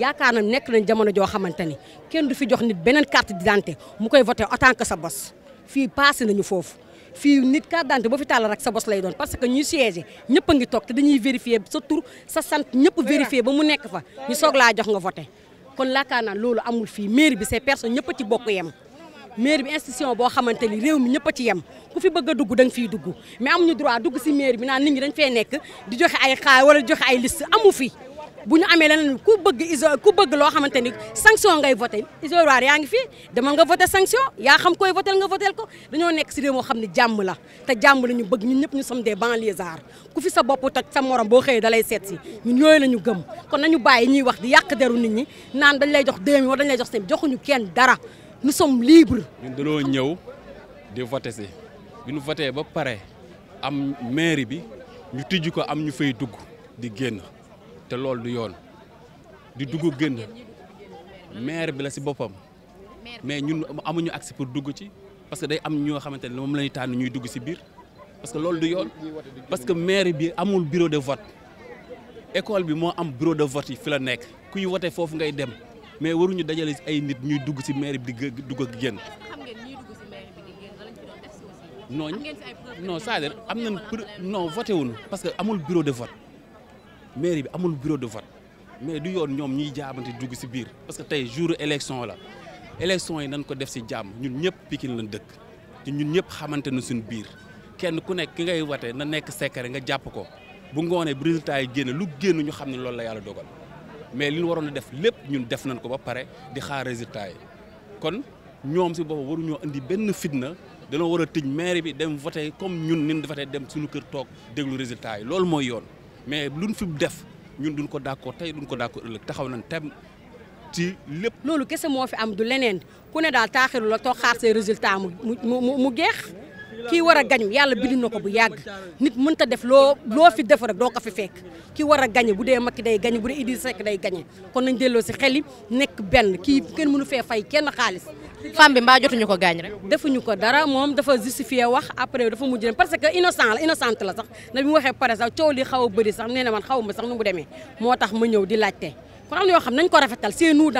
yaakaar na nekk nañ jamono joo xamante ni kenn du fi jox nit beneen carte d'identité mu koy voté autant que sa bos fii passé nañu foofu fii nit carte d'identité boo fi tàllal rek sa bos lay doon parce que ñuy siège ñëpp a ngi toog te dañuy vérifier sa tur sa sant ñëpp vérifier ba mu nekk fa ñu soog laa jox nga voté kon laakaar naa loolu amul fii mairie bi ces personnes ñëpp ci bokk yem mairie bi institution boo xamante ni réew mi ñëpp ci yem ku fi bëgg a dugg da nga fiy dugg mais amuñu droit dugg si mairie bi naan nit ñi dañ fee nekk di joxe ay xaay wala di joxe ay liste amu fi bu ñu amee leneen ko bëgg iso ku bëgg loo xamante ni sanction ngay voté isoloir yaa ngi fi dama nga voté sanction yaa xam koy voté nga voté ko dañoo nekk si réew moo xam ne jàmm la te jàmm la ñu bëgg ñun ñëpp ñu som sommes des banlieusards ku fi sa bopp toj sa morom boo xëyee da lay seet si ñun yooyu ñu gëm kon nañu bàyyi ñuy wax di yàq deru nit ñi naan dañ lay jox deux mille wala dañ lay jox seen joxuñu kenn dara nous sommes libres. ñun daloo ñëw di voté si bi ñu voté ba pare am mairie bi ñu tijji ko am ñu fay dugg di génn. te loolu du yoon di dugg génn maire bi la si boppam mais ñun amuñu accès pour dugg ci parce que day am ñoo xamante ni moom la ñuy tànn ñuy dugg si biir parce que loolu du yoon parce que maire bi amul bureau de vote école bi moo am bureau de vote yi fi la nekk kuy wote foofu ngay dem mais waruñu dajale ay nit ñuy dugg si maire bi di dugg ak génn. non non c'est-à-dire am nañ non voté wuñu parce que amul bureau de vote. mairie bi amul bureau de vote mais du yoon ñoom ñuy jaabante dugg si biir parce que tey jour élection la élection yi nañ ko def si jàmm ñun ñëpp Pikine lañ dëkk te ñun ñëpp xamante na suñu biir kenn ku nekk ki ngay wate na nekk secret nga jàpp ko bu ngoonee bu résultat yi génn lu génn ñu xam ne lool la yàlla dogal mais li ñu waroon a def lépp ñun def nañ ko ba pare di xaar résultat yi kon ñoom si boppam waruñoo indi benn fitna danoo war a tëj maire bi dem voté comme ñun nin voté dem suñu kër toog déglu résultat yi loolu mooy yoon mais lu luñ fi def ñun duñ ko d'accord tey duñ ko d'accord ëllëg taxaw nañ tem ci lépp. loolu kese moo fi am du leneen ku ne daal taaxiru la toog xaar say résultat mu mu mu geex kii war a gañu yàlla bind na ko bu yàgg nit mënta def loo loo fi def rek ko fi fekk kii war a gañe bu dee Macky day gañe bu dee Idrissa Seck day gañe kon nañ delloo si xeli nekk benn kii kenn mënu fee fay kenn xaalis. femme bi mbaa jotuñu ko gaañ rek. defuñu ko dara moom dafa justifié wax après dafa mujj parce que innocent la innocente la sax na bi mu waxee pare sax coow li xaw a bëri sax nee na man xaw ma sax nu mu demee moo tax ma ñëw di laajte kon am na yoo ko rafetal c'est nous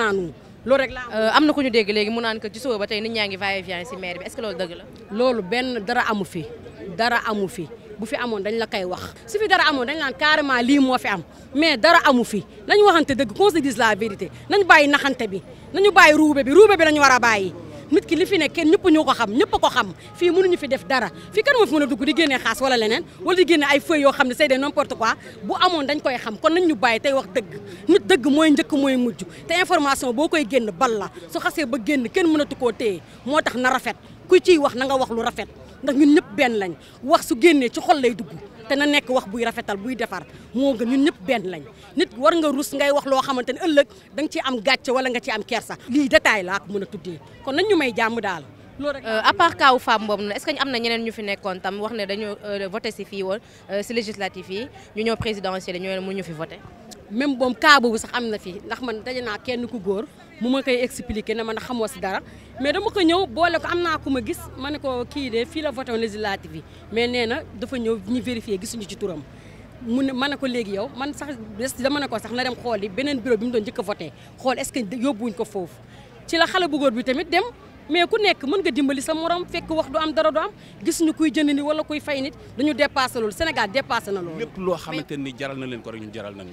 loolu rek la euh, am na ku ñu dégg léegi mu naan que ci suba ba tey nit ñaa ngi va et vient ci maire bi est que loolu dëgg la. loolu benn dara amu fi dara amu fi. bu fi amoon dañ la koy wax su fi dara amoon dañ laan carrément lii moo fi am mais dara amu fi nañu waxante dëgg qu'on se dise la vérité nañu bàyyi naxante bi nañu bàyyi ruube bi ruube bi lañu war a bàyyi nit ki li fi ne kenn ñëpp ñoo ko xam ñëpp ko xam fii mënuñu fi def dara fii kan moo fi mën a dugg di génnee xaas wala leneen wala di génne ay feuilles yoo xam ne sey de n'importe quoi bu amoon dañ koy xam kon nañ ñu bàyyi tey wax dëgg nit dëgg mooy njëkk mooy mujj te information boo koy génn bal la su xasee ba génn kenn mënatu koo téye moo tax na rafet ku ciy wax na wax lu rafet ndax ñun ñëpp benn lañ wax su génnee ci xol lay dugg te na nekk wax buy rafetal buy defar moo gën ñun ñëpp benn lañ nit war nga rus ngay wax loo xamante ne ëllëg da nga ciy am gàcce wala nga ci am kersa. lii détail laa ko mën a tuddee kon nañ ñu may jàmm daal. loolu euh, à part kaw femme boobu noonu est-ce am na ñeneen ñu fi nekkoon tam wax ne dañoo euh, voté si fii woon euh, si législative yi ñu ñëw présidentielle ñoo mu ñu fi voté. même boom cas boobu sax am na fii ndax man daje kenn ku góor mu ma koy expliquer ne man xamoo si dara mais dama ko ñëw boole ko am naa ku ma gis ma ne ko kii de fii la voté législative yi mais nee na dafa ñëw ñu vérifier gisuñu ci turam mu ne ma ne ko léegi yow man sax dama ne ko sax na dem xool yi beneen bureau bi mu doon njëkk a voté xool est-ce que yóbbuwuñ ko foofu ci la xale bu góor bi tamit dem mais ku nekk mën nga dimbali sa morom fekk wax du am dara du am gis ñu kuy jënd ni wala kuy fay nit dañu dépassé loolu Sénégal dépassé na loolu lépp loo xamante ni jaral na leen ko rek ñu jaral na ni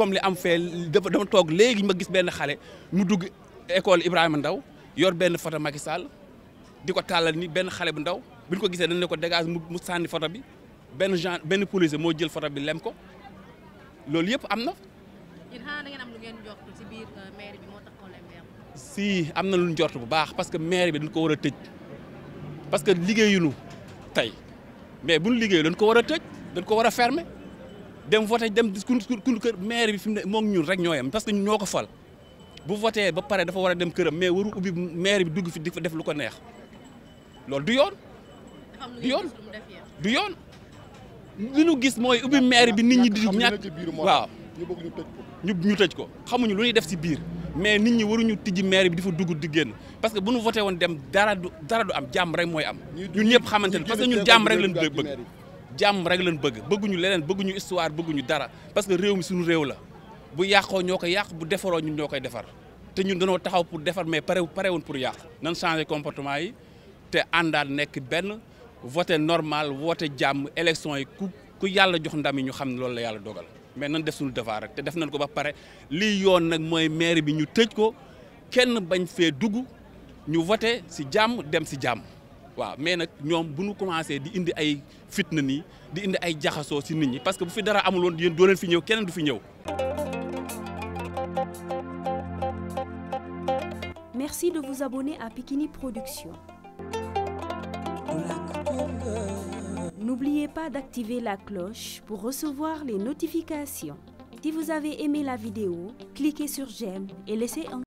comme li am fee dafa dama toog léegi ma gis benn xale mu dugg école Ibrahima Ndaw yor benn foto Macky Sall di ko tàllal ni benn xale bu ndaw bi ñu ko gisee dañ ne ko dégage mu sànni photo bi benn genre benn policier moo jël photo bi lem ko loolu yëpp am na. Euh, si am na lu ñu jort bu baax parce que maire bi dañ ko war a tëj parce que liggéeyuñu tey mais buñ liggéey dañ ko war a tëj dañ ko war a fermer. dem voté dem kun kun kër maire bi fi mu ne moom ñun rek ñoo yem parce que ñoo ko fal bu voté ba pare dafa war a dem këram mais waru ubbi maire bi dugg fi di def lu ko neex loolu du yoon. yoon du yoon. li ñu gis mooy ubbi maire bi nit ñi di ñàkk waaw ñu ñu tëj ko xamuñu lu ñuy def si biir mais nit ñi waruñu tijji maire bi di fa dugg di génn parce que bu ñu voté woon dem dara du dara du am jàmm rek mooy am ñun ñëpp xamante ne parce que ñun jàmm rek lañ bëgg jàmm rek lañ bëgg bëgguñu leneen bëgguñu histoire bëgguñu dara parce que réew mi suñu réew la bu yàqoo ñoo ko yàq bu defaroo ñun ñoo koy defar te ñun dañoo taxaw pour defar mais pare pare woon pour yàq nan changé comportement yi te àndaat nekk benn voté normal voté jàmm élection yi ku ku yàlla jox ndam yi ñu xam loolu la yàlla dogal mais nan def suñu devoir rek te def nañ ko ba pare lii yoon nag mooy maire bi ñu tëj ko kenn bañ fee dugg ñu voté si jàmm dem si jàmm mais nous ñom bu commencé di indi ay fitna ni di indi ay jaxaso nit ñi parce que bu fi dara amul won fi ñew du fi Merci de vous abonner à Pikini Productions. N'oubliez pas d'activer la cloche pour recevoir les notifications. Si vous avez aimé la vidéo, cliquez sur j'aime et laissez un